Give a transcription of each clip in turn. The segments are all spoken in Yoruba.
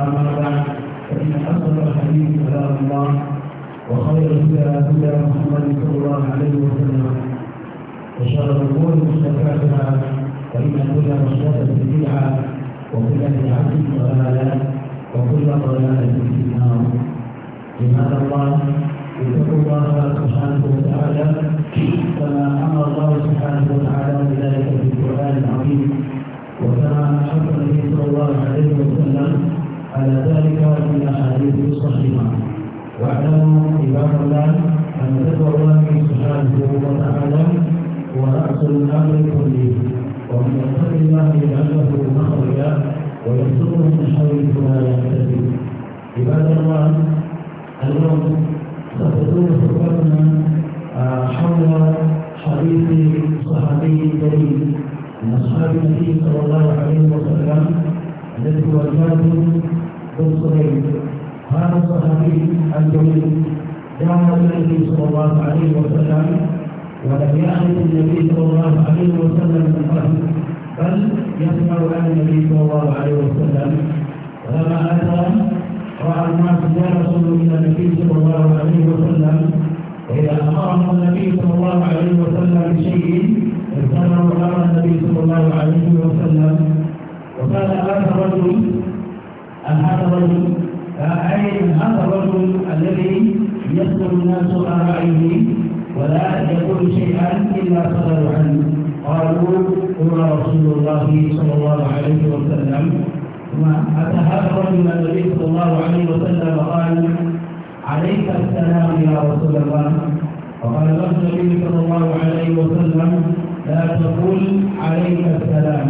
أما بعد فإن أصدق الحديث كلام الله وخير الهدى هدى محمد صلى الله عليه وسلم وشر الأمور محدثاتها فإن كل محدثة بدعة وكل بدعة ضلالة وكل ضلالة في النار عباد الله اتقوا الله سبحانه وتعالى كما امر الله سبحانه وتعالى بذلك في القران العظيم وكما حث النبي صلى الله عليه وسلم على ذلك من أحاديث الصحيحة واعلموا عباد الله أن تقوى الله سبحانه وتعالى هو رأس الأمر كله ومن يتق الله يجعل مخرجا ويرزقه من حيث لا يحتسب عباد الله اليوم ستكون الله عليه وسلم ولم يعرف النبي صلى الله عليه وسلم من قبل بل يسمع عن النبي صلى الله عليه وسلم ولما أتى رأى الناس لا يصلوا إلى النبي صلى الله عليه وسلم وإذا أمرهم النبي صلى الله عليه وسلم بشيء ابتدعوا أمر النبي صلى الله عليه وسلم وقال هذا الرجل هذا الرجل أي هذا الرجل الذي يصدر الناس عن رأيه ولا يقول شيئا إلا صدر عنه قالوا هو رسول الله صلى الله عليه وسلم ثم أتى هذا الرجل النبي صلى الله عليه وسلم قال عليك السلام يا رسول الله وقال له النبي صلى الله عليه وسلم لا تقول عليك السلام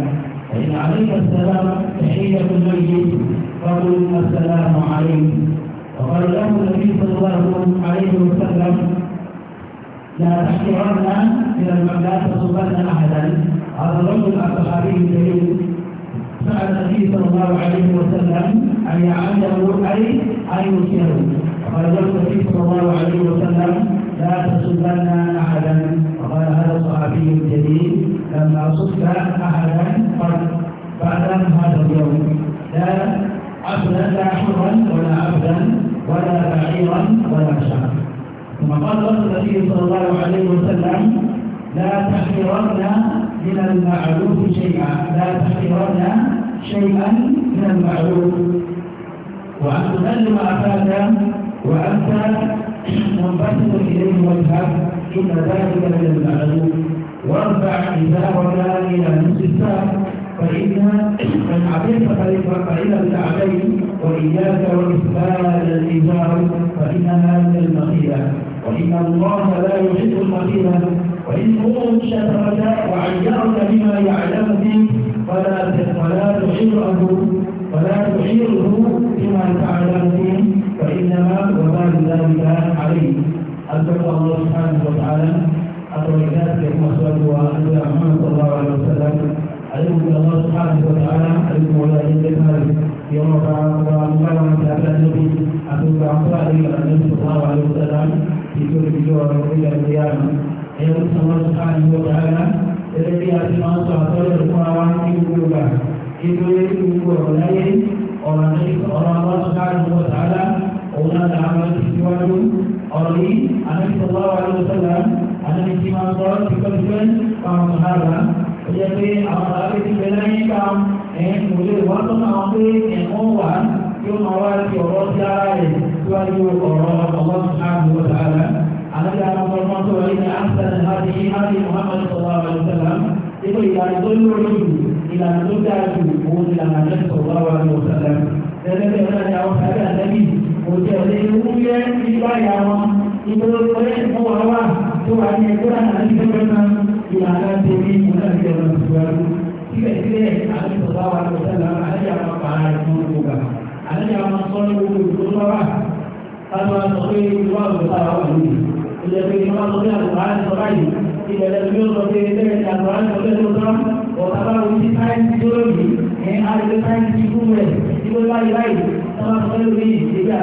فإن عليك السلام تحية الميت فقل السلام عليك وقال له النبي صلى الله عليه وسلم لا تحقرن من لا تصبن احدا هذا الرجل الصحابي الجليل سال النبي صلى الله عليه وسلم ان يعلمه اي ان ينكره وقال له النبي صلى الله عليه وسلم لا تصبن احدا وقال هذا الصحابي الجليل لما صبت احدا قد بعد هذا اليوم لا عبدا لا حرا ولا عبدا ولا بعيرا ولا شعرا ثم قال النبي صلى الله عليه وسلم لا تحقرن من المعروف شيئا لا تحقرن شيئا من المعروف وأن تكلم أخاك وأنت منبسط إليه وجهك إن ذلك من المعروف وارفع إزارك إلى نصف فإن من عبيت فإن الكعبين وإياك وإثبال الإجارة فإنها من المخيلة وإن الله لا يحب المخيلة وإن كنت شفرك وعيرك بما يعلم فيك فلا فلا تحيره فلا تحيره بما تعلم فيه فإنما وبال ذلك عليه أذكر الله سبحانه وتعالى أتوكلت كما سألت وأنت محمد صلى الله عليه وسلم علمك الله سبحانه وتعالى عليكم ولا يجب yang memperkenalkan mencapai Nabi atau berapa hari Nabi Sallallahu Alaihi Wasallam itu lebih orang lebih dari yang yang sama sekali dua kali jadi hati manusia atau berpengalaman itu juga itu itu orang lain orang lain orang lain sekali dua kali orang dalam kehidupan itu orang ini Nabi Sallallahu Alaihi Wasallam Nabi Sallallahu Alaihi Wasallam itu juga orang lain jadi apa lagi sebenarnya kamu ẹ̀yìn kò lè wá tó máa pé ẹ̀wọ̀n wà yóò máa wá sí ọ̀rọ̀ sí ara rẹ̀ síwájú ọ̀rọ̀ ọ̀gbọ́n ààbò ọ̀tàlá àti àwọn ọmọ tó wáyé ní àṣàlẹ̀ láti ní àti Muhammad sallallahu alaihi wasallam nínú ìlànà tó lórí ìlànà tó dáa jù òun ìlànà tó sallallahu alaihi wasallam tẹ́lẹ̀tẹ̀ náà ni àwọn sáré àtẹ́bí kò jẹ́ ọ̀lẹ́ ewu yẹ́ nígbà ìyá wọn ibo ọ̀rẹ́ ìfowórọ́wà tó wà ní ẹgbẹ́ àná ìfẹ́ mẹ́ta ìlànà ìjọba ìfowórọ́wà síbẹ̀síbẹ̀ àti sọ̀rọ̀ àwọn àgbẹ̀sẹ̀lá àlẹ́ àwọn àpàrà ìfún olùkà àlẹ́ àwọn sọ́nù olùkọ́ lọ́wọ́ táwọn sọ pé ìwà òkúta wà lórí ilẹ̀ pé ìwà sọ pé àgbà á sọ báyìí ilẹ̀ lẹ́nu yóò sọ pé ẹgbẹ́ ìjà àgbà á sọ pé tó tán ọ̀tá bá wo sí sáyẹ́ǹsì tó lórí ẹ̀ àgbẹ̀ sáyẹ́ǹsì kú rẹ̀ ìwé báyìí báyìí táwọn sọ pé lórí ìdílé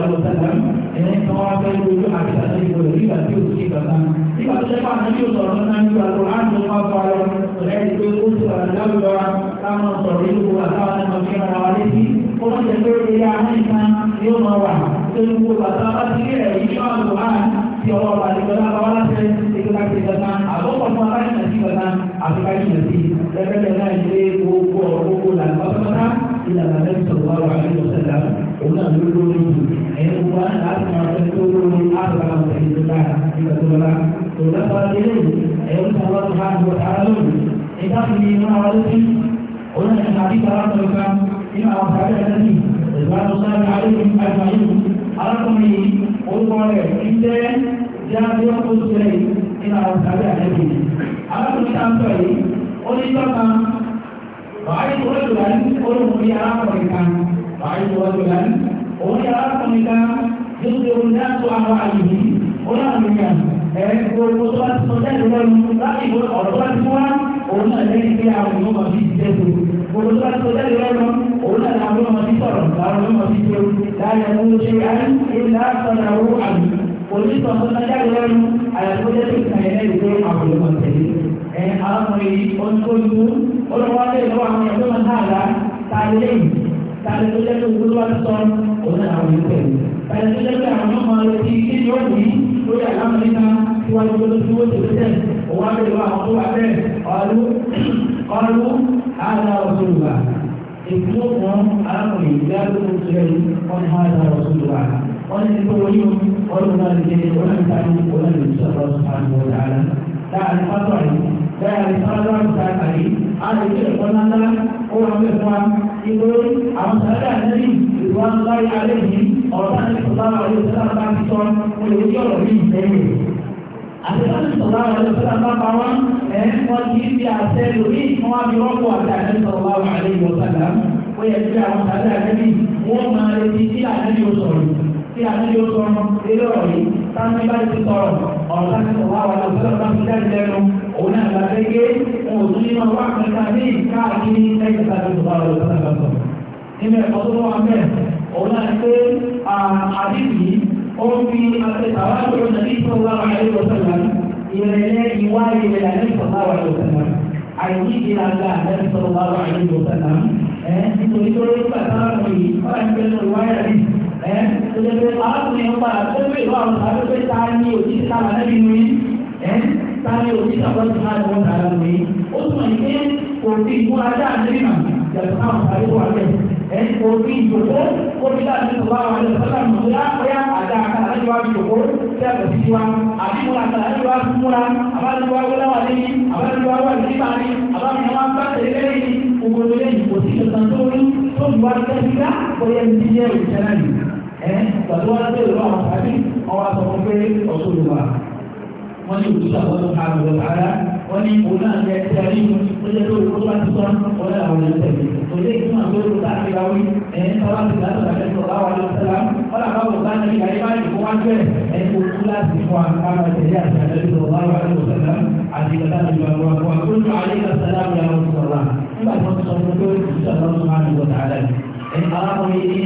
àlẹ́ ẹ̀yìn tó wá fẹ́ lójú àti àtẹ̀yìnbó rẹ̀ nígbà tí ó ti bàtà nígbà tó ṣẹ́fà ní yóò sọ̀rọ̀ náà nígbà tó á tó wá fọ́ ayọ́ ẹ̀yìn tó ó ti bàtà láwùjọ táwọn sọ̀rọ̀ ìlú àtàwọn ẹ̀mọ̀ fi ara wa létí ó wọ́n jẹ́ pé ilé ahọ́n ìkan yóò máa wà tó ń kó bàtà bá ti rí ẹ̀yìn tó àlọ́ á ti ọwọ́ àdìgbọ́lá bá wá láti ìgbà tí bàtà àbọ̀pọ̀ fún aláìsàn sí bàtà òun náà ló lórí ẹni wá láti máa fẹ́ tó lórí àbúrò ìlú náà nígbà tó lọ́la tó lọ́pàá délé ẹ̀rọ tó wá tó bá ń bọ̀ ara lónìí nígbà tó ní inú àwọn lójú òun náà ní àbí bàbá tó ká nínú àwọn bàbá yẹn ní ìbáraẹni sáré àlejò àjọyọ̀ arákùnrin orúkọ rẹ̀ ń jẹ́ jáde ọkọ̀ tó tẹ̀lé nínú àwọn bàbá yẹn ní arákùnrin tá a ń sọ yìí arákùnrin kan وعجب رجلا وهي أرقمك يصدر الناس عن رأيه ونعمك gbogbo tó bá ti sọ jáde lẹ́nu láti ìwé ọ̀rọ̀ bá ti wá òun náà lẹ́yìn pé àwọn èèyàn máa fi ṣiṣẹ́ tó gbogbo tó bá ti sọ jáde lẹ́nu òun náà làwọn èèyàn máa fi sọ̀rọ̀ làwọn èèyàn máa fi ṣe láyé ẹ̀kọ́ ṣe ayé ilé àtọ̀nà owó àmì oníṣọ̀ tó sọ jáde lẹ́nu àyàtọ̀ jẹ́ tó kàn yẹn lẹ́yìn pé àwọn èèyàn máa tẹ̀lé ẹ̀ arákùnrin oníkóyú olówó tàbí tó jẹ́ pé gbogbo wa sọ òun náà àwọn ìpè tàbí tó jẹ́ pé àwọn ọmọ rẹ̀ ti kí ni ó wù í lórí àlámọ̀ níta tí wọ́n ti gbogbo tí wọ́n ti tẹ̀ òun bẹ̀rẹ̀ wá àwọn tó wà bẹ́ẹ̀ ọ̀lú ọ̀lú àdá ọ̀ṣunùbà èkó wọn arákùnrin ìgbà tó ń sọ yẹn wọn àdá ọ̀ṣunùbà wọ́n yóò ní ìgbòrí àwọn sàrẹ́dà nẹ́bí ìwà láyé alẹ́ yìí ọ̀rọ̀ náà ní sọ̀lára ọ̀rọ̀ ìṣẹ́lá bá ti sọ olùdí ọ̀rọ̀ ní ìṣẹ́yìn. àtẹ́lá ní sọ̀lára ọ̀rọ̀ ìṣẹ́lá bá bá wọn ẹ̀ wọ́n ti fi àṣẹ lórí wọn bí rọ́pò àti àṣẹ sọ̀lára alẹ́ yìí ọ̀sàlá ó yẹ kí àwọn sàrẹ́dà nẹ́bí wọ́n máa òun náà la fẹ́ gé wọn ò tún ní máa wá kẹta ní káàkiri ẹ̀yìn tàbí ìtura lọ sí àgbàtọ̀ nínú ẹ̀kọ́ tó wà mẹ́ òun náà pé àdìsí ó fi àtẹ̀tàwá lórí nàbí sọ́lá àyẹ̀wò sọ́lá ìrẹ̀lẹ̀ ìwá ìrẹ̀lẹ̀ àyẹ̀wò sọ́lá àyẹ̀wò sọ́lá àìsí ìlànà àyẹ̀wò sọ́lá àyẹ̀wò sọ́lá ẹ̀ nítorí tó ló ń gbàtà lórí ọ̀rẹ́ ẹ̀ ṣe ṣe arákùnrin ọgbà tó ń bèèrè àwọn àbẹ́fẹ́ ta ní òjì sábà lẹ́bi nìyí ẹ̀ sáré onígbàgbọ́ ti máa lọ́wọ́ tààrà lórí ó túmọ̀ ní pé òfin ìmúra dáa nígbà yàtọ̀ náà sáré wà bẹ́ẹ̀ ẹ̀ òfin ìjòkó onígbà tí wọ́n wà lọ sọ́dọ̀ àmọ́lá ọ̀yá àdá àkàrà láti wá ìjòkó tí a kò sí wa àbí múra àkàrà láti wá múra àbájú wa wọlé wà lẹ́yìn àbájú wa wà nígbà ní àbájú wa bá tẹ̀lé lẹ́yìn gbogbo lẹ́yìn kò sí ìjọsìn tó ní tó ju wa tẹ́síká bóyá ní jẹ́ ìjẹ́rẹ́ ẹ̀ gbàdúrà lọ́wọ́ àwọn tàbí ọwọ́ àtọ̀kọ́ pé ọ̀ṣọ́ wọ́n ní ìwúlò àwọn ọ̀dọ́ àrùn ọ̀dọ́ ara wọ́n ní ìwúlò náà jẹ́ ti àrí mu ó jẹ́ lórí kó bá ti sọ ọ̀dọ́ àwọn ọ̀dọ́ tẹ̀lé òye ìtumọ̀ tó lò láti ra wí ẹ̀yìn tọ́lá ti láti ràdẹ́ sọ láwọn ọ̀dọ́ sẹ́lá ọ̀là bá wò sáà níbi àyè kó wá jẹ́ ẹ̀yìn kó kú láti fún àkàrà tẹ̀lé àti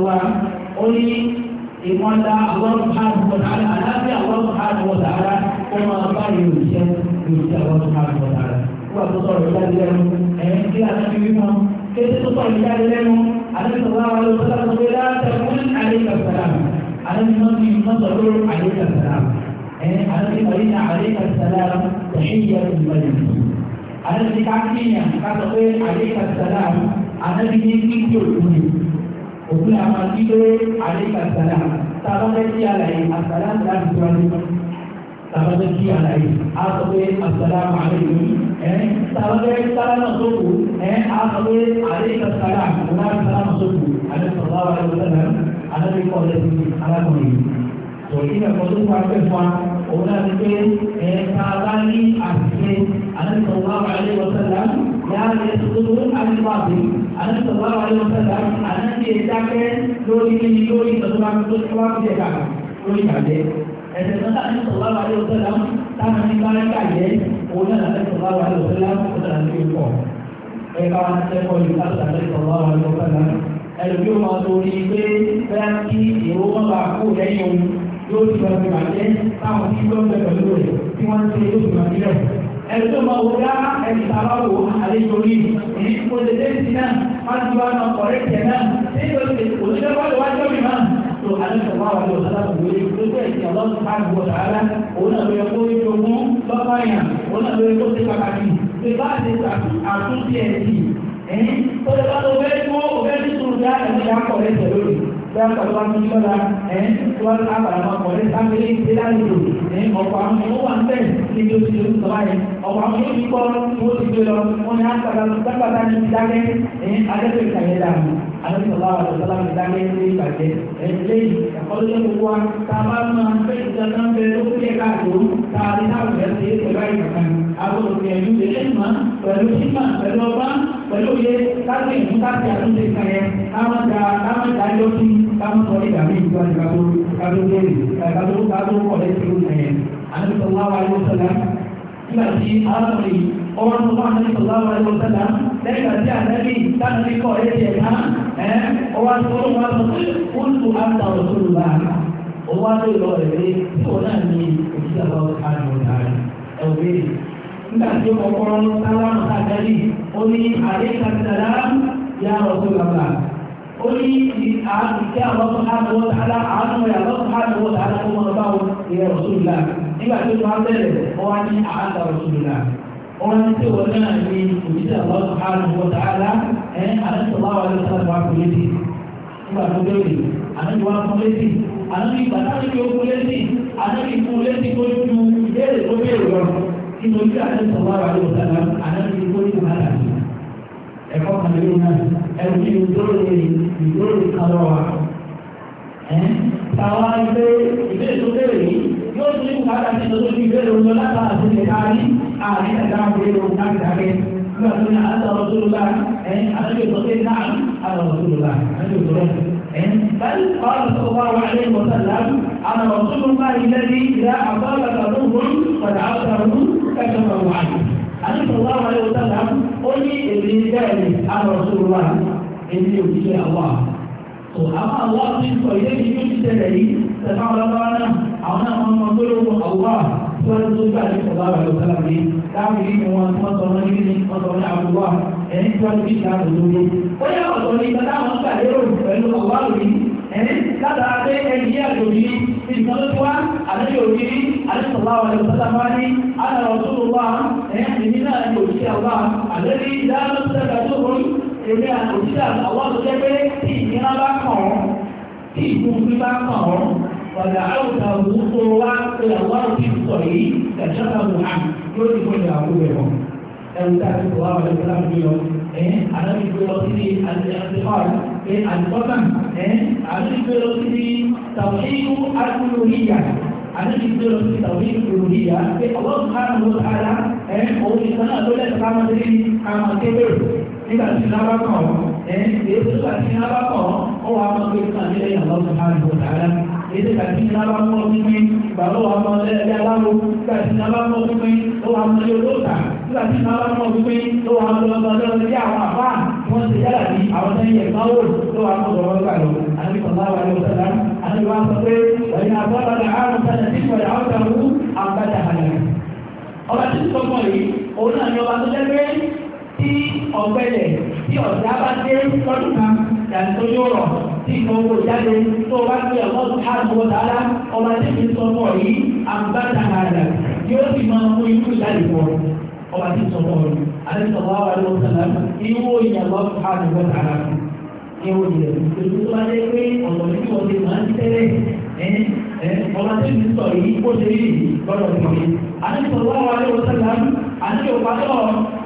àdẹ́sọ̀ ìmọ̀lá àwọn subhanahu wa ta'ala aláàbí àwọn subhanahu wa ta'ala ó máa bá yóò jẹ́ yóò jẹ́ àwọn subhanahu wa ta'ala. wọ́n tó sọ̀rọ̀ ìjáde lẹ́nu ẹ̀yìn tí a ti wí mọ́ kéde tó sọ̀rọ̀ ìjáde lẹ́nu alẹ́sọ̀rọ̀ àwọn olùsọ̀rọ̀ tó wẹ́lá tẹ̀kún àlẹ́kàsàlám alẹ́sọ̀rọ̀ àlẹ́kàsàlám ẹ̀yìn alẹ́sọ̀rọ̀ òkú la máa kí pé alẹ́ ka sàlá tàbá fẹ́ kí àlàyé àsàlá ńlá ti wá ní tàbá fẹ́ kí àlàyé a sọ pé àsàlá máa lè ní ẹ tàbá fẹ́ sàlá náà tó kù ẹ a sọ pé alẹ́ ka sàlá òun náà sàlá náà tó kù alẹ́ sọ̀rọ̀ àwọn ẹ̀rọ sẹ́lẹ̀ alẹ́ bí kọ́ ọ̀lẹ́ ti alákùnrin òkú la kọ́ tó kọ́ afẹ́ fún wa òun náà ti pé ẹ tàbá ní àṣìṣe alẹ́ sọ̀rọ̀ àwọn ẹ̀rọ yára ẹ̀ tó tó àdúgbò wà wà lọ sẹ́dá àdáńtì ìdákẹ́ lórí ní lórí ìtọ́júwá tó wá sí ẹ̀ka lórí ìbàjẹ́ ẹ̀sẹ̀ tó tà ní sọ̀rọ̀ wà lọ sẹ́dá táwọn ní bára káyẹ òun náà láti sọ̀rọ̀ wà lọ sẹ́dá ó tà ní ìkọ̀ ẹ̀ka wà ní sẹ́kọ̀ yìí láti tà ní sọ̀rọ̀ wà lọ sẹ́dá ẹ̀lùmí ó máa torí pé bẹ́ẹ̀ kí èrò wọn bá kú lẹ́yìn òun yóò ti lọ sí ìbàjẹ́ táwọn tí wọ́n bẹ̀ pẹ̀lú rẹ̀ tí wọ́n ń ṣe yóò ẹ̀tọ́ ma wò dá ẹ̀yìn tàbá wò àlejò rí ní pòlìtẹ́sì náà láti wá náà kọ̀rẹ́ tẹ̀ náà nínú òṣìṣẹ́ wájú wájú mi náà tó àlejò wá wájú ọ̀sán láti wò rí tó tẹ̀ ẹ̀sìn ọlọ́run ká gbọ́ sàárá òun náà lóye kó rí ogún lọ́pàá yàn òun náà lóye kó ṣe pàtàkì pé bá ṣe àtúntì ẹ̀sìn ẹ̀yìn tó lè bá lọ dáàbà tó bá ti sọ́ra ẹ̀ tó bá ti àbàrà máa pọ̀ ní sáfẹ́lẹ́ ìdílé àlejò ẹ̀ ọ̀pọ̀ àwọn èèyàn wà ń bẹ̀ níbi oṣù tó ń sọ báyìí ọ̀pọ̀ àwọn èèyàn kọ́ tó ti gbé lọ wọn ni àgbàdà dábàdà ní ìdákẹ́ ẹ̀ adẹ́fẹ́ ìkàyẹ̀ dànù alẹ́sọ̀lá àlọ́sọ́lá ìdákẹ́ ní ìbàjẹ́ ẹ̀ lẹ́yìn ẹ̀kọ́lẹ́ gbogbo wa tá a bá máa fẹ́ ìdáná bẹ ó fi ẹ̀ka àjò tá a rí náà rẹ̀ ṣe é pẹ̀lú àìkàkàn agbọ̀dọ̀ ẹ̀yú káwọn sọ nígbà míì tó àti kátó kátó léèrè kátó kátó kọ̀ lẹ́sẹ̀ ló nà yẹn àti sọláwà ló sọlá nígbà tí arákùnrin ọwọ́ tó wà ní sọláwà ló sọlá lẹ́yìn àti àtẹ́bí táàbí kọ̀ lẹ́sẹ̀ ká ẹ́ ọwọ́ tó wà sọ pé ó lù àtà òṣèlú bá ọwọ́ tó lọ rẹ̀ pé tí òun náà ní òṣìṣẹ́ lọ́wọ́ ká ní ọ̀dà rẹ̀ ó ní àánú tí àwọn sọ̀hánù wọ́n tààlà àánú rẹ̀ àwọn sọ̀hánù wọ́n tààlà fún ọmọ bá wọn ìrẹ̀ òṣùlá nígbà tó máa bẹ̀rẹ̀ wọ́n wá ní àádà òṣùlá wọ́n ní tí wọ́n náà ní òṣìṣẹ́ àwọn sọ̀hánù wọ́n tààlà ẹ̀ àdúgbò wà ló sábà wà fún létí nígbà tó bẹ̀rẹ̀ àdúgbò wà fún létí àdúgbò ìgbà táwọn ìgbà fún létí ẹ̀kọ́ kan lórí náà ẹ̀rù ní ìdóòlè ìdóòlè kan lọ́wọ́ tàwa ilé ìbéèrè tó béèrè yìí yóò tún ní bùkátà sí ìtọ́jú ìbéèrè òun lọ́la àti ìlẹ̀kárí àárín ẹ̀dá ìbéèrè òun láti dákẹ́ nígbà tó ní àtàwọn tó lọ́la ẹ̀yìn àtúnṣe tó ṣe náà àtàwọn tó lọ́la àtúnṣe tó lọ́la ẹ̀yìn báyìí ọ̀rọ̀ tó wà wà ní ìmọ̀sálà àtàwọn tó lọ́la ilé ní ìlà àbọ̀ àdúgbò wa wà lẹ́wọ̀ sábà ó ní èmi ní bẹ́ẹ̀ ni àwọn ọ̀ṣọ́ wa èmi ò ní ṣe àwa. tó àwọn àwa ti sọ ilé mi tó ti tẹ̀lé yìí tẹ̀lé àwọn ọlọ́wọ́ náà àwọn náà máa ń mọ gbólóhùn àwa tí wọ́n tó gbà ní ọ̀gá wà lọ́wọ́ sábà ní láàbù yìí wọn tí wọ́n sọ wọn ní ní wọ́n sọ ní àbúwà ẹni tí wọ́n ti fi ìlànà lórí. ó yà ọ̀tọ̀ ní ìgbà táwọn gbà lérò pẹ̀lú àwa lórí látara pé ẹni yẹ́ àjòyí ìgbọ́lọ́tíwá àlẹ́bí òkiri àlẹ́sọ̀lá ọ̀rẹ́ ìpátàmọ́ ní àtàrà ọ̀tọ́rọ̀ wá ẹ̀yìn nílá ẹni òṣìṣẹ́ ọ̀gá àlẹ́bí ìdánilọ́sílẹ̀ gbàdúrà èmi àti òṣìṣẹ́ àwọn àtọ́jẹ́ pé tí ìnira bá kàn ọ́ tí ìgbóhùn bá kàn ọ́ ọ̀dà àwùjọ àwùjọ wa pé àwọn àti sọ yìí ẹ̀ṣọ́ta àlùbọ́sàn ẹ̀ àdúgbò sí tàwíìlú àdúgbòríyà àdúgbò sí tàwíìlú òríyà pé ọlọ́run kánú ló ara ẹ̀ òun nìkan náà ló lẹ́sọ̀ káwọn sí káwọn kébè nígbà tí iná bá kàn ẹ̀ èyí tó gbà tí iná bá kàn ó wà á mọ̀ pé kàn ní lẹ́yìn ọlọ́run kánú ló ara èyí tó gbà tí iná bá mọ̀ wípé bàbá wa mọ̀ lẹ́yìn aláwo gbà tí iná bá mọ̀ wípé ó wà á mọ̀ lé olóòtà gbà tí iná bá mọ̀ wípé ó wà á mọ̀ lọ́dọ̀ lọ́dọ̀ wọ́n ti yára ní àwọn tẹ́yìn ẹ̀ máa wò tó wà fún ọ̀rọ̀ ọ̀gá lọ àti ọ̀la wà ní ọ̀sán náà àti wà sọ pé wọ́n yà bọ́ bàbá àrùn sẹ́yìn tí wọ́n yà ọ́ ta wú àgbàdà àlẹ́. ọba tí sọ fún yìí òun náà ni ọba tó lẹ́gbẹ́ tí ọ̀gbẹ́lẹ̀ tí ọ̀dà bá dé lọ́dún kan yàtọ̀ yóò rọ̀ tí gbogbo jáde tó bá gbé ọ̀pọ̀ àgbò tààlà ọba tí mi sọ fún yìí àgbàdà àlẹ́ yóò sì máa mú ikú jáde fún ọba tí sọ fún yìí àdìsọ̀wọ́ àwọn ọ̀sán ìwò ìyàwó àdìwọ̀ tààrà ìwò ìyẹ̀ ìṣèlú tó wáyé pé ọ̀dọ̀ ní wọ́n ti máa ń tẹ́lẹ̀ ọmọ tí mi sọ yìí ó ṣe yìí lọ́dọ̀ tó yìí àdìsọ̀wọ́ àwọn ọ̀sán àti òpàdọ̀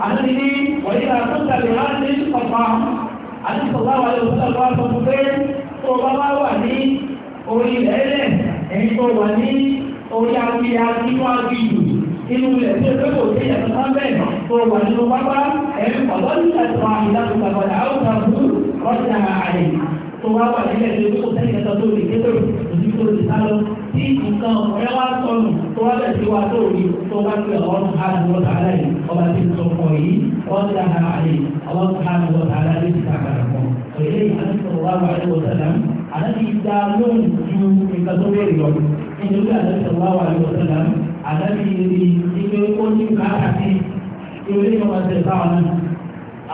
àti ní ọ̀yẹ́ra tó tàbí láti ọ̀pá àdìsọ̀wọ́ àwọn ọ̀sán wá sọ fún pé tó bá wá wà ní orí ilẹ̀ ẹ̀yìn tó wà ní orí agbíyá nínú agbíyù inú ilẹ̀ tí ẹgbẹ́ kò sí ẹ̀sán sábẹ́ tó wà nínú pápá ẹ̀rí ọ̀dọ́ ní ẹ̀sán ìdájọ́ àgbàdà áwùjọ àbúrú rọ́ṣà àyè tó wá wà nílẹ̀ tó kó sẹ́yìn ẹ̀sán tó lè dé òsì tó lè sálọ tí nǹkan ọ̀rẹ́ wá sọnù tó wá bẹ̀ sí wa tó rí tó wá sí ọ̀rọ̀ àdúgbòtà aláì ọba tí ń sọ fọ yìí rọ́ṣà àyè ọlọ́run àdúgbòtà àdábì ìrì ìgbé ó ní bùkátà sí ìrì ìjọba ṣe báwọn náà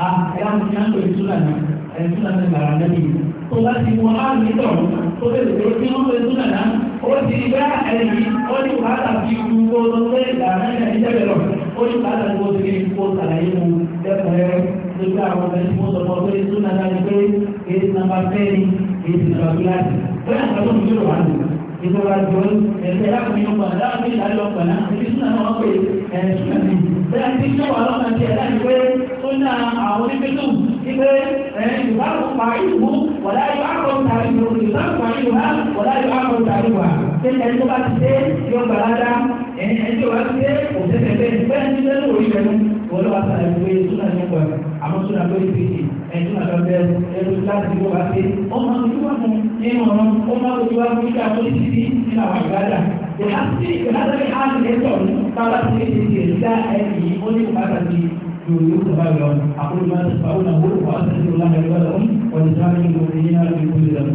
a ẹ̀yà mi ní àgbò ìtura ní ẹ̀tura ní gbàrà àdábì tó bá ti mú ọlá mi tọ̀ tó lè lè fi wọ́n fẹ́ ìtura náà ó ti rí bá ẹ̀yìn ó ní bùkátà fi gbogbo ọdún ìlànà ìjẹ́bẹ̀ lọ ó ní bùkátà tó ti rí kó sàlàyé mu lẹ́kọ̀ọ́ lórí àwọn ọmọ ẹni tó sọ fún ọ pé ìtura náà ni pé èyí ti ìjọba jọ̀ọ́ ẹ̀sẹ̀ yàtọ̀ nínú gbọ̀n láwọn ní ìlà lọ gbọ̀n náà ibi súnà náà wọ́n pè ẹ̀ súnà ní. bẹ́ẹ̀ ti ṣe wà lọ́nà tí ẹ̀ láti pé ó ná àwọn onígbẹ́tù wípé ẹ̀ ìwà pa ìlú wọ̀lá yóò àkọ́ tàbí ìlú ìwà pa ìlú wa wọ̀lá yóò àkọ́ tàbí wà. ṣé ẹni tó bá ti dé yóò gbà ládá ẹni tó bá ti dé kò tẹ́tẹ́ bẹ́ẹ̀ bẹ́ẹ̀ ti dé lórí rẹ̀ wọ́n lọ́wọ́ ẹ̀dùn àtàbẹ̀rù ẹ̀rù láti ló wá sí ọmọ ojúwàmù nínú ọ̀rọ̀ ọmọ ojúwàmù nígbà tó ti di nínú àwọn ìgbàdà ìhásí ìgbàdàbí àlẹ́tọ̀ bàbá ti lè ti ẹ̀dá ẹ̀yìn ó ní bàbá ti yòòyò bàbá lọ àkójọ máa ti fà ó nà wọ́n wà á sẹ́yìn lọ́la ẹ̀rọ lọ́wọ́ wọ́n ti sáré ìgbòho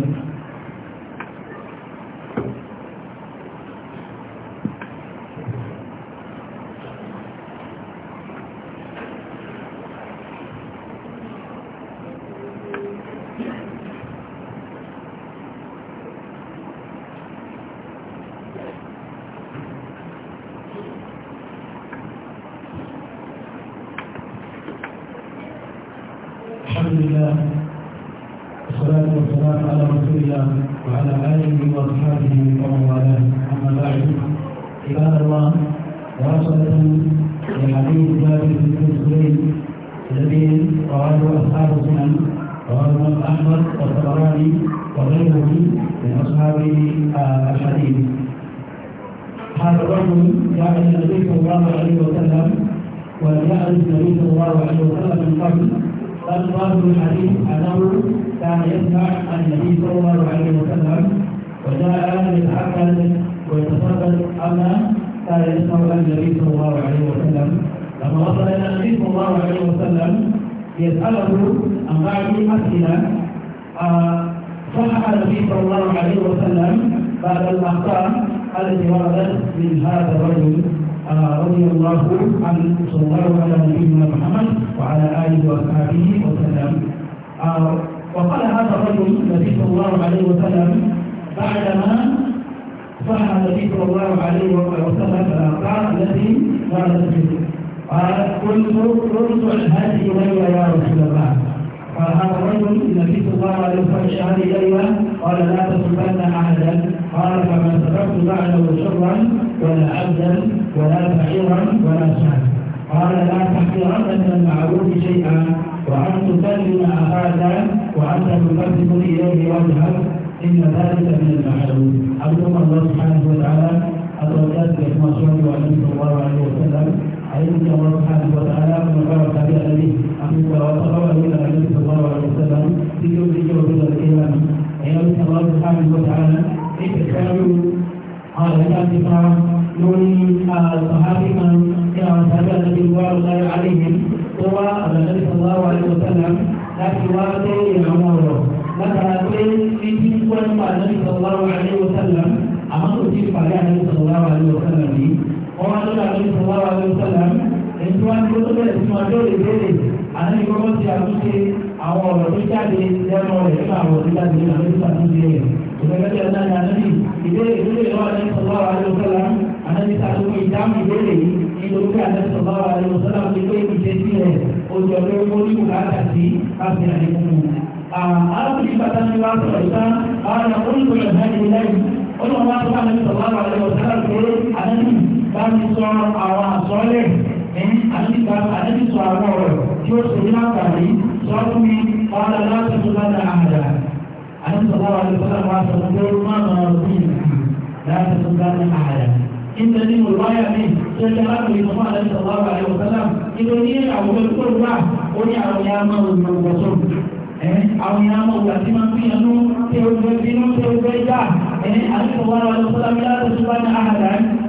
الذين قالوا أصحاب السنن وابن أحمد والطبراني وغيره من أصحاب الحديث هذا الرجل جاء إلى النبي صلى الله عليه وسلم ولم يعرف النبي صلى الله عليه وسلم من قبل بل ظاهر الحديث أنه كان يسمع عن النبي صلى الله عليه وسلم وجاء يتعقل ويتصدق أما كان يسمع عن النبي صلى الله عليه وسلم لما وصل إلى النبي صلى الله عليه وسلم يسأله عن بعض الأسئلة آه، صحح النبي صلى الله عليه وسلم بعد الأخطاء التي وردت من هذا الرجل آه، رضي الله عنه صلى الله على نبينا محمد وعلى آله وأصحابه وسلم آه، وقال هذا الرجل النبي صلى الله عليه وسلم بعدما صح النبي صلى الله عليه وسلم الأخطاء التي وردت منه قال قلت قلت الهدي الي يا رسول الله قال هذا الرجل النبي صلى الله عليه وسلم شهد الي قال لا تصبن احدا قال فما سبقت بعده شرا ولا عبدا ولا بعيرا ولا شهد قال لا تحقرن من المعروف شيئا وان تكلم اخاك وان تكلم اليه وجهك ان ذلك من المعروف ارجو الله سبحانه وتعالى أن ترجع الله عليه وسلم أيضا الله سبحانه وتعالى من قال تابع به أمسك وتقرب إلى النبي صلى الله عليه وسلم في يوم الجمعة إلى القيامة أيضا الله سبحانه وتعالى إتكال على الأنفاق نوري الصحابي من تابع النبي رضوان الله عليهم هو النبي صلى الله عليه وسلم لكن واتي عمره لكن في كل النبي صلى الله عليه وسلم أمر في النبي صلى الله عليه وسلم وما نبي صلى الله عليه وسلم èyí tí wọ́n ti kó tó bẹ̀rẹ̀ sí wọn lórí ìbéèrè àná ní kókó ti àtúnṣe àwọn ọ̀rọ̀ tó jáde lẹ́nu rẹ̀ nínú àwọn ọ̀rọ̀ tó jáde nínú àwọn ìṣàtúnṣe rẹ̀ ìgbẹ́gbẹ́sẹ̀ náà ní àná ní ìbéèrè tó lè lọ́wọ́ ní sọ̀rọ̀ àdéhùsọ́lá àná ní sàtúnkù ìdáhùn ìbéèrè nítorí pé àná sọ̀rọ̀ àdéhùsọ́lá ti pé ìṣesí rẹ̀ ojú ọ̀rẹ́ owó ní bùkátà sí káfí àdéhùn. arákùnrin bàtà ní wàá sọ̀rọ̀ ìta àwọn olùkọ́ ìdájọ́ ìlẹ́yìn olùkọ́ wa tó bá ní sọ̀rọ̀ àdéhùsọ́lá pé àná ní bá mi sọ àwọn àsọ́lẹ̀ àdébí sọ àwọn ọ̀rọ̀ tí ó ṣe ní àǹfààní sọ fún mi ọ̀rọ̀ láti tó bá dá àmàdà àdébí sọ wà lórí sọ́dọ̀ wà sọ pé ó má nà ọ́ sí ìlú láti tó bá dá àmàdà. Ìtẹ̀ ní olùwáyà mi tó ṣe alábìrin fún àdébí sọ wà wà lórí sọ́dọ̀ ìlú ní àwùjọ tó wà ó ní àwọn ya máa wù lọ wọ̀ tó. Àwọn ya máa wù àti máa gbìyànjú tí ó gbé bínú tí ó gbé já. Àdébí sọ wà lórí sọ́dọ̀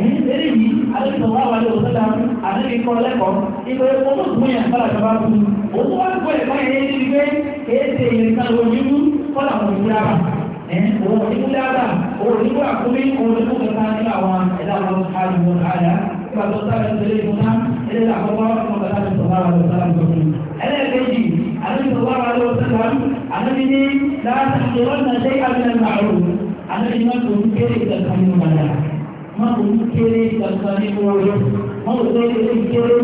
eré yìí alẹ́sọ̀rọ̀ àwọn àlẹ́ òṣèlú àti ikọ̀ lẹ́kọ̀ọ́ ibi owó fún yẹn fọlá tó bá kú owó wá gbọ́ ẹ̀ka yẹn ní ibi kéèké yẹn kan lójú fọlá wọn ìwé ara owó ìwé ara owó ìwé àkúmí owó ìwé kẹta ní àwọn ẹ̀dá wọn káàdì wọn káàdà nígbà tó sáré ìṣẹ̀lẹ̀ ìfúnná ilé àkọ́kọ́ fún ọ̀gá láti sọ̀rọ̀ àwọn ọ̀gá láti sọ̀rọ̀ ẹlẹ́ẹ̀kejì àlẹ́sọ̀rọ̀ àwọn àlẹ́ òṣèlú àti ní láti ṣe wọ́n náà dé àbílẹ̀ màálù àlẹ́ ìmọ̀ tó ń kéré ìtẹ̀sán ní ọ̀gá má kò ní kéré kankan nínú oore má kò tó lè ní kéré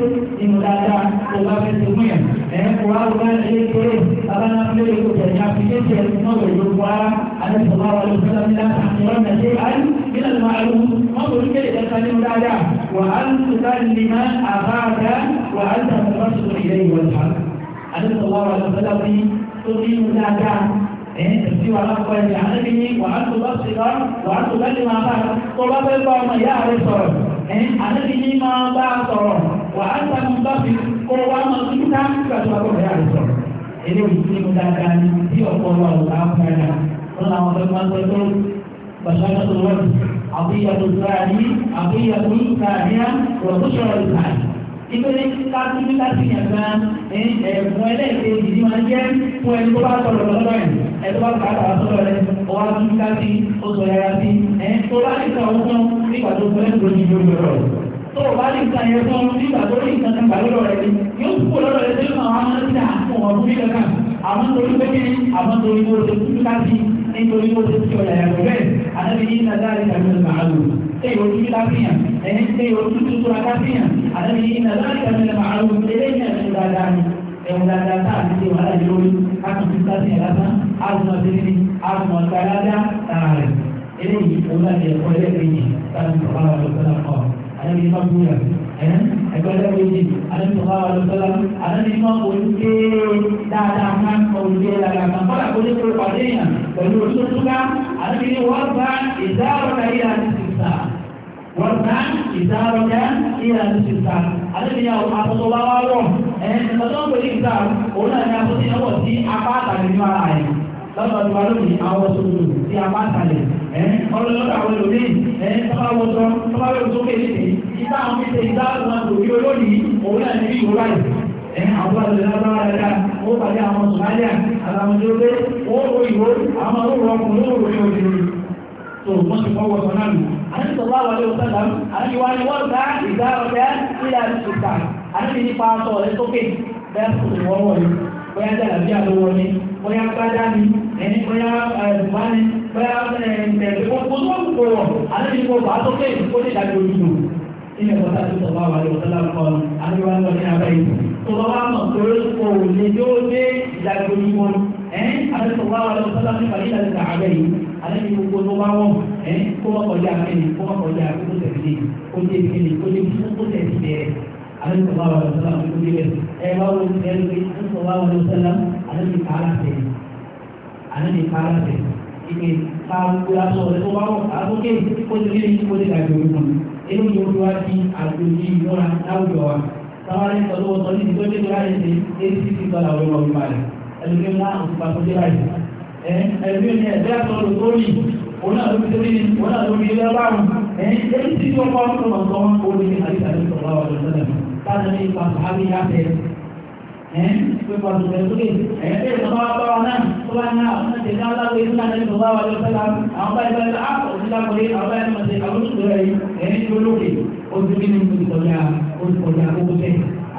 nínú dáadáa kò bá fẹ́ ti wúyàn ẹ̀yẹ kò wá kò bá lè kéré bàbá náà lè kó jẹ̀ ní àfikéjì ẹ̀ má kò lè wá àdéhùn wá wọlé fún mi láti àtìwọ́n náà ṣe àyè nínú àlùmọ́ àlùmọ́ má kò ní kéré kankan nínú dáadáa wà á ń tukálìmá àbáàdá wà á ń tàbí wá sórí ilé ìwọ̀n ta àdéhùn wá wọlé fún mi tó bí dáadáa ẹ̀ẹ́dẹ̀sí wà lápapọ̀ ẹ̀jẹ̀ ànábi ní wàá tó bá ti bá wàá tó bá ti máa bá tó bá fẹ́ bá ọmọ ìyá rẹ sọ̀rọ̀ ẹ̀ ànábi ní máa bá a sọ̀rọ̀ wàá tó bá fi kó wá máa fi ká nígbà tó bá kọ̀ ìyá rẹ sọ̀rọ̀ eléyìí tí mo dáadáa ní bí ọ̀pọ̀ wa ò bá fẹ́ rà máa fẹ́ tó tó ìpele kájú ní kájú yẹn gan ẹ̀fún ẹlẹ́ẹ̀kẹ́ ìdí máa jẹ́ fún ẹni tó bá sọ̀rọ̀ lọ́dọ̀ ẹ̀ ẹ̀ tó bá kà á sọ̀rọ̀ rẹ̀ ọwọ́ ajú kájú ó sọ yàrá sí ẹ̀ tó bá lè sọ ọ̀hún nígbà tó fẹ́ lórí ìjọba rẹ̀ tó o bá lè sọ ẹ̀yẹ fún nígbà tó lè sọ nígbà lọ́dọ̀ rẹ̀ yóò kúkú lọ́dọ̀ rẹ̀ tó máa wá sí àwọn ọmọ fún mi kankan àwọn torí pé kí àwọn torí mo ṣe kúkú kájú nítorí mo ṣe kí ọ̀yà yàgò bẹ́ẹ̀ àdábìyí nàdá rẹ̀ kàmí ọ̀gbà àlò ṣé ìwọ́n ti fi láfihàn ẹni pé ojú tuntun akáfíàn àdáni iná láti àmìlẹ̀ màálù eléyìí náà ṣe dáadáa ni ẹ̀wù dáadáa tá àti ṣe wàhálà yìí lórí káàkiri sáfíà lásán àrùnmọ̀ síbi àrùnmọ̀ gbàládá tààrẹ̀ eléyìí òun láti ẹ̀kọ́ ẹlẹ́gbẹ̀ẹ́jì láti sọ̀rọ̀ àwọn ọ̀dọ́sọ́lá kọ́ àdáni iná búra ẹ̀kọ́ ẹlẹ́gbẹ̀ẹ́jì àdáni sọ̀rọ̀ àwọn ọ̀dọ́sọ́lá àdáni iná olùké dáadáa máa ń kọ olùké dáadáa máa kọ́lá kó lè kó pàdé yàn pẹ̀lú oṣooṣù ká àdáni iná wọ́n bá ìdáhùn ayé àti ìsà wọ̀nà ìdáwọ̀dá ìyá ìsìta àdébíyàwó àtọ́tọ́ bá wá wọ̀ ẹ̀yìn ìtọ́jọ́ ń pèlú ìta òun náà ni àtúntì náà wọ̀ sí apá àtàlẹ̀ nínú ara rẹ̀ lọ́dọ̀ tó wà lónìí àwọn ṣòro sí apá àtàlẹ̀ ẹ̀yìn ọlọ́dọ̀ àwọn ẹlòmíì ẹ̀yìn tọ́ba wọ́tọ́ tọ́ba wẹ̀ sókè níbi ìta àwọn ìṣe ìdáwọ̀dá òbí olónìí òun náà ni bí ìwúrà àwọn àlùlábára ẹ̀ka ó pàdé àwọn sùmáyà àlàmùdókè ó ro ìwé àwọn olóòrò ọkùnrin olóòrò ní òjò tó wọ́n ti fọwọ́ sọ náà lù àti sọ̀rọ̀ àwọn ọ̀dọ́ ìwòsàn náà àti wá ní wọ́n gba ìgbà ọ̀dẹ́ ilẹ̀ àti ìgbà àti nípa aṣọ rẹ̀ sókè bẹ́ẹ̀ kò sì wọ́n wọ̀nyí bóyá jàdàbí àlówó ni bóyá gbájá ni ẹni bóyá ẹ̀dùnmá ni bóyá ẹ̀ẹ́dẹ̀gbẹ̀ gbogbo tó ń kó wọ̀ àti nípa ọ̀bà sókè ó lè dàgbé olùdó ilẹ̀ bọ́tà ti sọ̀rọ̀ àwọn ọ̀dọ́ ìwòsàn náà kọ́ àti wá ní ọ̀dẹ́ àbẹ́yìn tó lọ́wọ́ alẹ́sọ̀wá alẹ́sọ̀lá ní fàyílà ní àárẹ̀ yìí alẹ́ni gbogbo tó bá wọ̀ kó wọ́n kọjá kẹ́ni kó wọ́n kọjá kó tó tẹ̀lé kó tẹ̀ kẹ́ni kó tẹ̀ kí tó tẹ̀ sí bẹ̀rẹ̀ alẹ́sọ̀wá alẹ́sọ̀lá ní kó ẹlòmí ńlá òkúta tó dé báyìí ẹlòmí ní ẹ̀dẹ́ àtọ́lù tó rí òun náà ló fi torí òun náà ló fi ilé báwù ẹ̀yìn tí wọ́n kọ́ tó lọ sọ wọn kó ní àyíká ní sọ̀rọ̀ àwọn ọ̀dọ́dọ́ táwọn ní ipa sàbí yáfẹ́ pípa tòkè sókè ẹ̀yìn tí ìjọba wa bá wa náà tó bá ní àwọn ọ̀nà tẹ̀lé aláwọ̀ èyí náà ní sọ̀rọ̀ àwọn ọ̀dọ́dọ́ àwọn báyìí báyìí á òsì lápòlé àwọn báyìí mọ̀ sí àwọn oṣù tó rẹ̀ yìí ẹ̀yìn tí ó lókè ó ti bí ní ìtọ́jà ó ti kọjá àkókò tẹ̀lé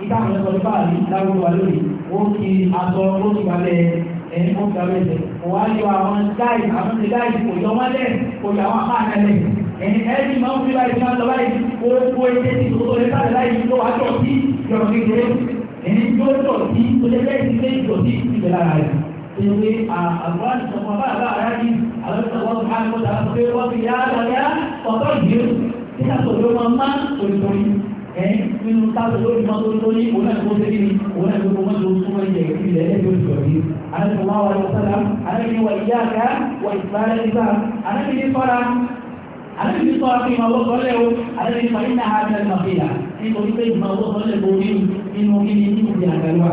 nígbà àwọn ẹ̀sọ́ ní báàlì láwùjọ wa lónìí ó kí aṣọ ó ti balẹ̀ ẹni ó ti balẹ̀ ẹ̀sẹ̀ òun á yọ àwọn gáì àwọn ti gáì kò yọ wọn lẹ̀ kò yọ àwọn apá àkàlẹ̀ ẹni ẹni máa ń fi báyìí máa ń lọ báyìí ó kó ẹgbẹ́ ti tó lórí báyìí láyé tó wá jọ sí yọrọ kékeré ẹni tó jọ sí tó lé bẹ́ẹ̀ sí lé jọ sí ìbẹ̀ lára rẹ̀ pé àgbà ìṣọ̀kan bá àgbà rẹ̀ ní àwọn ìṣọ̀kan bá àgbà ẹ̀yìn nínú táwọn olórí mọ́tò lórí òun náà tó tẹ́lẹ̀ òun náà tó mọ́tò tó mọ́ ìjẹ̀ ìpìlẹ̀ ẹ̀jọ́ ìjọ̀bí alẹ́sọ̀wá wa lọ sọ́dá alẹ́bí wa ìyá àgá wa ìgbàlẹ̀ nígbà alẹ́bí ní sọ́ra alẹ́bí ní sọ́ra fún ìmọ̀wọ́ sọ́lẹ̀ o alẹ́bí ní fàyínà àgbẹ̀ màfìlà nítorí pé ìmọ̀wọ́ sọ́lẹ̀ borí nínú kíni nínú ti àgbẹ̀ wa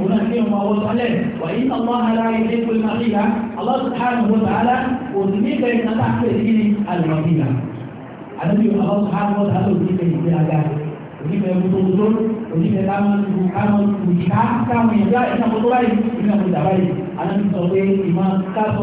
òun náà ní ọmọ ọwọ́ sọ́lẹ̀ wà ní ọmọ ara ilé pé máa rí ya Allah subhanahu wa ta'ala kò sí ní ìgbẹ́ ìtàn tá a pè sí àlùmọ̀bíyà àdébí Allah subhanahu wa ta'ala òní ìgbẹ́ ìgbẹ́ aga òní ìgbẹ́ gbogbo òní ìgbẹ́ káwọn ìgbà káwọn ìgbà ìṣàkóso báyìí ìṣàkóso báyìí àdébí sọ pé ìmọ̀ káàkó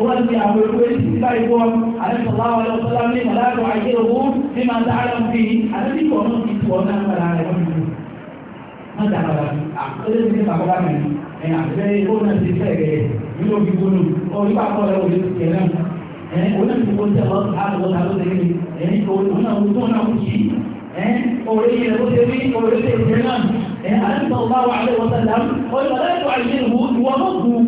ورد أبو الكويت سيكون عليه الصلاة والسلام لا تعيره بما تعلم فيه أنا في قانون في قانون فلا يعلم ما تعلم أقل من تعلم يعني أقل يكون في سجى يلو في قانون أو يبقى قال أول كلام ona ti ko tẹ lọsùn á lọ ta ló tẹ kí ẹni kò ona wù tó ona wù sí òye yẹn ló tẹ bí òye tẹ ìjẹ náà alẹ́ sọ̀rọ̀ bá wà lẹ́wọ̀n sẹ́lẹ̀ ọ̀yọ́ lẹ́yìn tó àyè wù wọ́n ló gùn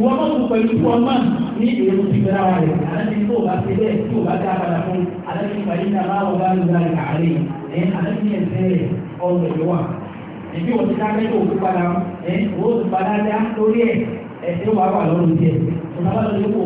ìwọ́n mọ̀ tó pẹ̀lú fún ọmọ ní èrò ti gbẹ́ra wa rẹ̀ aláṣẹ tó o bá ṣe bẹ́ẹ̀ tó o bá dá padà fún aláṣẹ ìpàdé náà máa wọ bá lù láì àárẹ̀ ẹ̀ aláṣẹ yẹn tẹ́lẹ̀ ọ̀rọ̀ ẹ̀ wà. ẹ̀bí wọ́n ti ká mẹ́tò òkú padà ẹ̀ o ó padà dá lórí ẹ̀ ẹ̀ tó ó bá ń gbìyànjú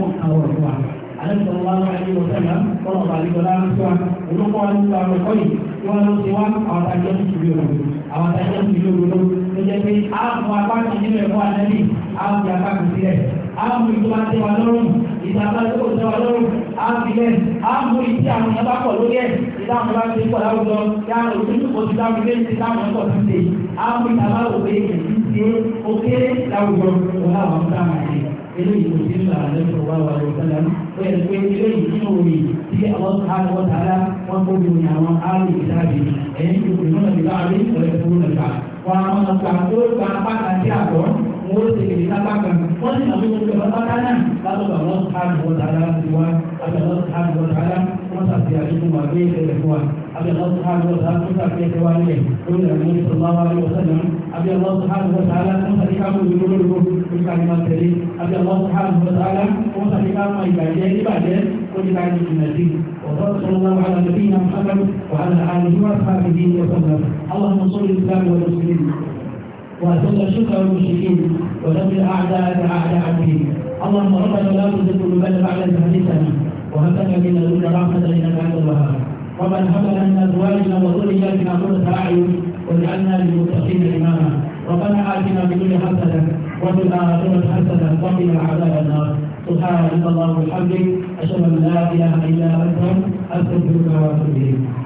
láti máa àlẹ́sọ̀ wọn wá ní ọ̀sẹ̀lá tọ́lọ̀ ọ̀bàlẹ́gbọ̀lá ń sọ olùkọ́ wa nípa ọ̀rọ̀ yìí tí wọ́n lọ sí wá àwọn àtàjọ́ ìṣúlẹ̀ òru àwọn àtàjọ́ ìṣúlẹ̀ òru ló ló jẹ́ pé ààbò apá kan nínú ẹ̀kọ́ àlẹ́lì ààbò apá kan sílẹ̀ ààbò ìjọba tẹ wa lọ́rùn ìjàmbá tó kò tẹ òwe èyí ti ó kéré láwùjọ òun àwọn ọ̀gá àmàlẹ́ eléyìí kò sí nílò àlẹ́ sọ̀rọ̀ wá wàlẹ̀ ìsẹ́lẹ̀ ó yẹ pé eléyìí nínú omi tí àwọn sáré wọ́n tààrà wọ́n tó bí omi àwọn àrùn ìdáàbì ẹ̀yìn tó kù nínú ìlú àrùn ìṣẹ̀lẹ̀ tó ń lẹ̀ka wọn àwọn ọ̀gá tó gba apáta sí àgọ́ wọn ó ṣe èdè lápá kan wọ́n sì máa ń mú pátá náà látọ̀gbà wọn sáré wọ́n tààrà sí wa àtàwọn sáré wọ́n tààrà wọ́n sàṣeyàjú fún wa أبي الله سبحانه وتعالى كنت في أتوانيه قول النبي صلى الله عليه وسلم أبي الله سبحانه وتعالى كنت في كامل بقلوبكم في كلمات كريم أبي الله سبحانه وتعالى كنت في كامل إبادية إبادية كنت كامل النبي وصلى الله على نبينا محمد وعلى آله وأصحابه وسلم اللهم صل الإسلام والمسلمين وأذل الشكر للمشركين ودمر أعداءك أعداء الدين اللهم ربنا لا تزغ قلوبنا بعد إذ هديتنا وهب لنا من لدنك رحمة إنك بعد الوهاب ومن حمل من أزواجنا وذرياتنا قرة أعين واجعلنا للمتقين إماما ربنا آتنا بكل حسنة وفي الآخرة حسنة وقنا عذاب النار سبحانك اللهم وبحمدك أشهد أن لا إله إلا أنت أستغفرك وأتوب إليك